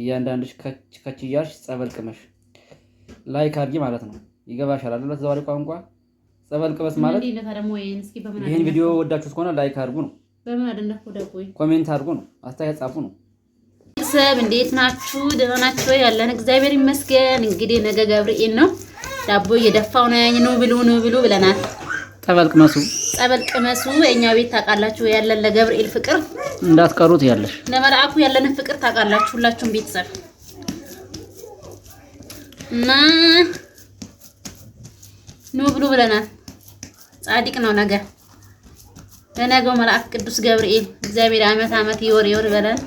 እያንዳንድሽ ከች እያልሽ ጸበል ቅመሽ ላይክ አድርጊ ማለት ነው። ይገባሻል አይደል? በተዘዋዋሪ ቋንቋ ጸበል ቅመስ ማለት ይህን ቪዲዮ ወዳችሁት ከሆነ ላይክ አድርጉ ነው። ኮሜንት አድርጉ ነው። አስተያየት ጻፉ ነው። ሰብ እንዴት ናችሁ? ደህና ናችሁ? ያለን እግዚአብሔር ይመስገን። እንግዲህ ነገ ገብርኤል ነው። ዳቦ እየደፋው ነው። ኑ ብሉ፣ ያኝ ነው ብሉ ነው ብሉ ብለናል ጸበል ቅመሱ፣ ጸበል ቅመሱ። እኛ ቤት ታውቃላችሁ ያለን ለገብርኤል ፍቅር እንዳትቀሩት ያለሽ ለመልአኩ ያለንን ፍቅር ታውቃላችሁ ሁላችሁም ቤተሰብ እና ኑ ብሉ ብለናል። ጻድቅ ነው። ነገ ለነገው መልአክ ቅዱስ ገብርኤል እግዚአብሔር ዓመት ዓመት ይወር ይወር ይበላል።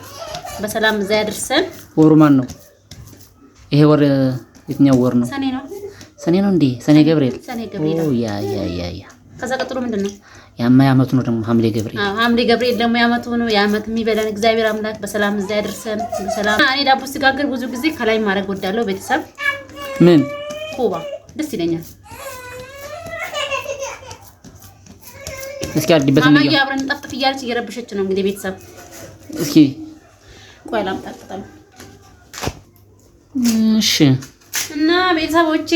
በሰላም እዛ ያደርሰን። ወሩ ማን ነው? ይሄ ወር የትኛው ወር ነው? ሰኔ ነው። ሰኔ ነው እንዴ? ሰኔ ገብርኤል። ሰኔ ገብርኤል። ያ ያ ያ ያ። ከዛ ቀጥሎ ምንድን ነው? ያመቱ ነው ደግሞ ሐምሌ ገብርኤል ሐምሌ ገብርኤል ደግሞ ያመቱ ነው። የአመት የሚበላን እግዚአብሔር አምላክ በሰላም እዛ ያደርሰን። በሰላም እኔ ዳቦ ስጋግር ብዙ ጊዜ ከላይ ማድረግ ወዳለው ቤተሰብ ምን ኮባ ደስ ይለኛል። እስኪ አድበት ነው ያው አብረን ጠፍጥፍ እያለች እየረበሸች ነው እንግዲህ ቤተሰብ። እስኪ ቆይ ላምጣጣም። እሺ እና ቤተሰቦቼ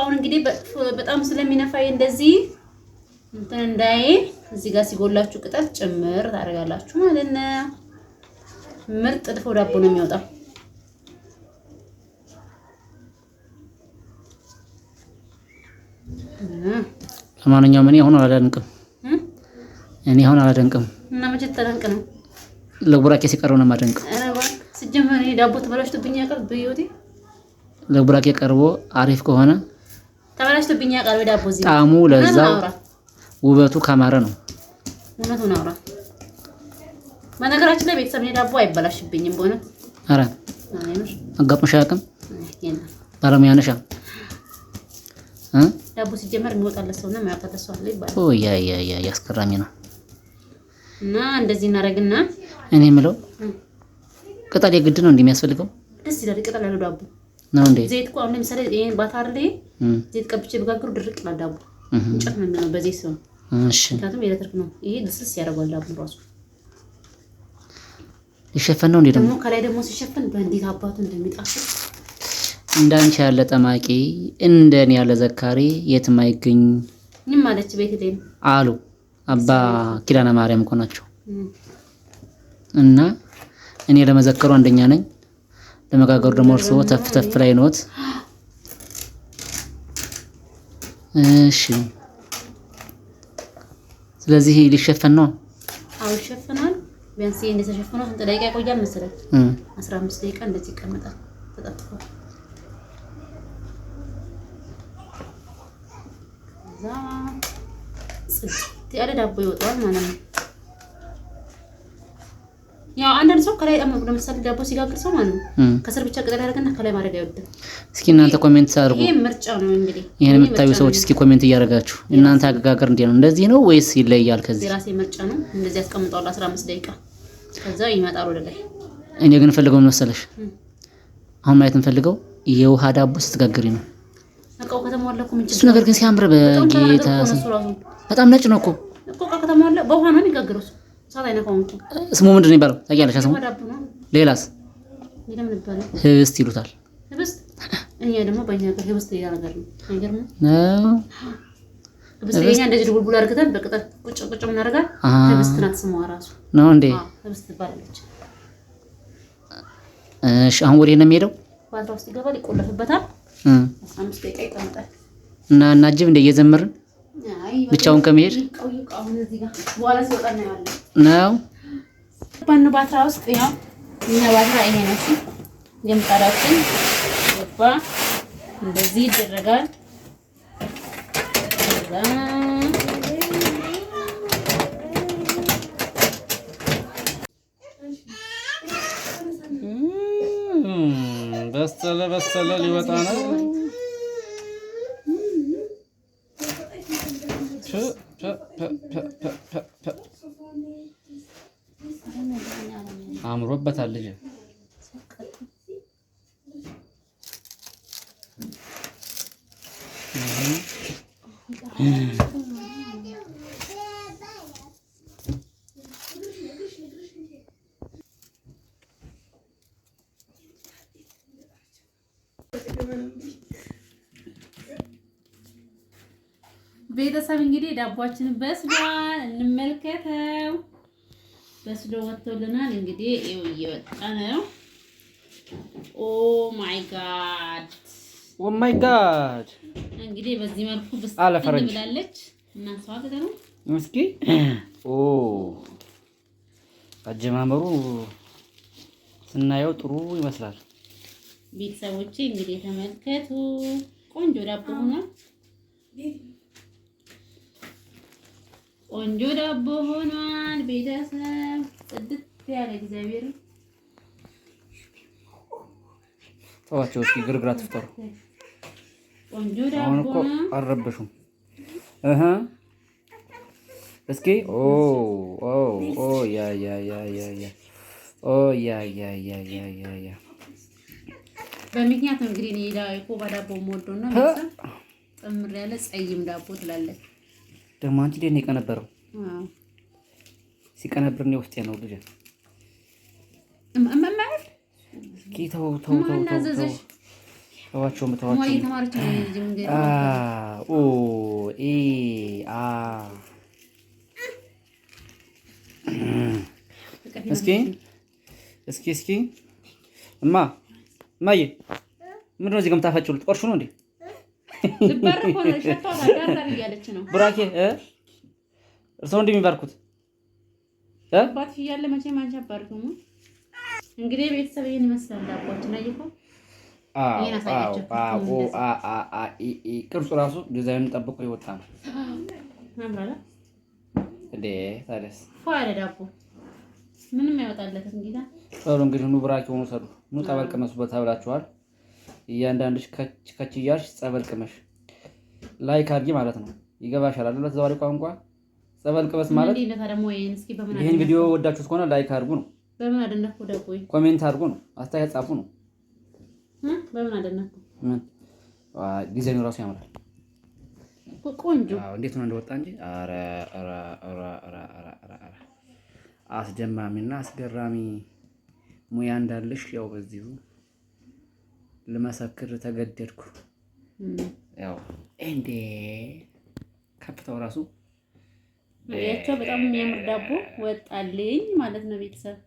አሁን እንግዲህ በጣም ስለሚነፋይ እንደዚህ እንትን እንዳይል እዚህ ጋር ሲጎላችሁ ቅጠል ጭምር ታደርጋላችሁ ማለት ነው። ምርጥ ድፎ ዳቦ ነው የሚወጣው። ለማንኛውም እኔ አሁን አላደንቅም፣ እኔ አሁን አላደንቅም። እና መቼ ተደንቅ ነው? ለቡራኬ ሲቀርብ ነው የማደንቅ። ስጀመር ይሄ ዳቦ ተበላሽቶብኝ ያውቃል። በህይወቴ ለቡራኬ ቀርቦ አሪፍ ከሆነ ተበላሽቶብኝ ያውቃል። ዳቦ ጣዕሙ ለዛው ውበቱ ካማረ ነው። እውነቱን አውራ። በነገራችን ላይ ቤተሰብ ዳቦ አይበላሽብኝም። በሆነ ኧረ አጋጥሞሽ አያውቅም? ባለሙያ ነሻ። ዳቦ ሲጀመር የሚወጣለት ሰውና የማያውቅለት ሰው አለ ይባላል። ያ ያ ያ ነው። እና እንደዚህ እናደርግና እኔ የምለው ቅጠል የግድ ነው እንደሚያስፈልገው ደስ ይላል። ቅጠል ያለው ዳቦ ነው እንዴ? ዘይት እኮ አሁን ለምሳሌ ይሄን ባታርዴ ዘይት ቀብቼ ብጋግሩ ድርቅ ይላል ዳቦ። እንጨት ነው በዚህ ሰው ምክንያቱም ኤሌክትሪክ ነው። ይሄ ልስልስ ራሱ ሊሸፈን ነው። ደግሞ ከላይ ደግሞ ሲሸፈን በእንዴት አባቱ እንደሚጣፍጥ እንዳንቺ ያለ ጠማቂ እንደኔ ያለ ዘካሪ የትም አይገኝ ማለች ቤት አሉ አባ ኪዳነ ማርያም እኮ ናቸው። እና እኔ ለመዘከሩ አንደኛ ነኝ፣ ለመጋገሩ ደግሞ እርስዎ ተፍ ተፍ ላይ ኖት። እሺ ስለዚህ ሊሸፈን ነው። አዎ ይሸፈናል። ቢያንስ ይሄ እንደተሸፈነው ስንት ደቂቃ ይቆያል መሰለኝ? አስራ አምስት ደቂቃ እንደዚህ ይቀመጣል ተጠጥፎ። እዛ ጽድት ያለ ዳቦ ይወጣዋል ማለት ነው። ያው አንዳንድ ሰው ከላይ ጣም ለምሳሌ ዳቦ ሲጋግር ሰው ማለት ነው ከስር ብቻ ቅጠል ያደርግና ከላይ ማድረግ አይወድም። እስኪ እናንተ ኮሜንት አድርጉ። ይሄ ምርጫ ነው እንግዲህ። ይሄን የምታዩ ሰዎች እስኪ ኮሜንት እያደረጋችሁ እናንተ አጋገር እንዴት ነው? እንደዚህ ነው ወይስ ይለያል? ከዚህ ራሴ ምርጫ ነው። እንደዚህ አስቀምጠዋለሁ 15 ደቂቃ ከዛ ይመጣል ወደ ላይ። እኔ ግን ፈልገው ምን መሰለሽ፣ አሁን ማየት እንፈልገው የውሃ ዳቦ ስትጋግሪ ነው እሱ ነገር ግን ሲያምር በጌታ በጣም ነጭ ነው እኮ እኮ በውሃ ነው የሚጋግረው ስሙ ምንድን ነው የሚባለው ታውቂያለሽ? ስሙ ሌላስ ህብስት ይሉታል። እኛ ደግሞ በእኛ ሀገር ህብስት ሌላ ነገር ነው። በቅጠል ቁጭ ቁጭ ምናደርጋል። ህብስት ናት ስሟ ራሱ ነው እንዴ? አሁን ወዴት ነው የሚሄደው? ይቆለፍበታል። እና እናጅብ እንደ እየዘመርን ብቻውን ከመሄድ ነው። ባትራ ውስጥ ያው እነ ባትራ ይሄ ነው የምጣዳችን ገባ። እንደዚህ ይደረጋል። በሰለ በሰለ ሊወጣ ነው። Pı pı pı pı pı pı pı. አምሮበታል ልጅ Mm-hmm. ቤተሰብ እንግዲህ ዳቧችን በስሏል፣ እንመልከተው። በስሎ ወጥቶልናል። እንግዲህ ይኸው እየወጣ ነው። ኦ ማይ ጋድ ኦ ማይ ጋድ! እንግዲህ በዚህ መልኩ ብስጥ ብላለች። እናንሰዋገተነ እስኪ ኦ አጀማመሩ ስናየው ጥሩ ይመስላል። ቤተሰቦቼ እንግዲህ ተመልከቱ፣ ቆንጆ ዳቦ ሆኗል። ቆንጆ ዳቦ ሆኗል። ቤተሰብ ጽድት ያለ እግዚአብሔር ተዋቸው እስኪ ግርግር አትፍጠሩ። ቆንጆ ዳቦ አሁን እኮ አልረበሹም። እህ እስኪ ኦ ኦ ኦ ያ ያ ያ ያ ያ ኦ ያ ያ ያ ያ ያ ያ በምክንያት እንግዲህ እኔ ዳቦ በዳቦ የምወደው ጥምር ያለ ጸይም ዳቦ ትላለች ደግሞ አንቺ እንዴት የቀነበረው? ሲቀነብር እኔ ውስጤ ነው ልጅ እስኪ ተው ተው ተው ተው ተዋቸው ተዋቸው። እስኪ እስኪ እስኪ እማ እማዬ ምንድን ነው እዚህ ጋር የምታፈጭው? ልትቆርሹ ነው እንዴ? ብራኬ እርስዎ እንደሚባርኩት አባት እያለ መቼም አንቺ አባርኩም። እንግዲህ ቤተሰብ ይህን ይመስላል። ዳቦችን አየኸው? ቅርጹ ራሱ ዲዛይኑን ጠብቆ የወጣ ነው። ምንም አይወጣለትም። እንግዲህ ኑ ብራኬ ሆኖ ሰዱ ኑ ጠበል ቅመሱበት ተብላችኋል። እያንዳንድሽ ከች እያልሽ ጸበል ቅመሽ ላይክ አድርጊ ማለት ነው። ይገባሻል አይደል? በተዘዋዋሪ ቋንቋ ጸበል ቅመስ ማለት ይህን ቪዲዮ ወዳችሁት ከሆነ ላይክ አድርጉ ነው። በምን አደነኩ? ደቆይ ኮሜንት አድርጉ ነው። አስተያየት ጻፉ ነው። በምን አደነኩ? ምን ጊዜ ነው ራሱ ያምራል። ቆንጆ እንዴት ነው እንደወጣ እንጂ አስደማሚና አስገራሚ ሙያ እንዳለሽ ያው በዚሁ ልመሰክር ተገደድኩ። ያው እንዴ ከፍታው ራሱ ያቸው በጣም የሚያምር ዳቦ ወጣልኝ ማለት ነው ቤተሰብ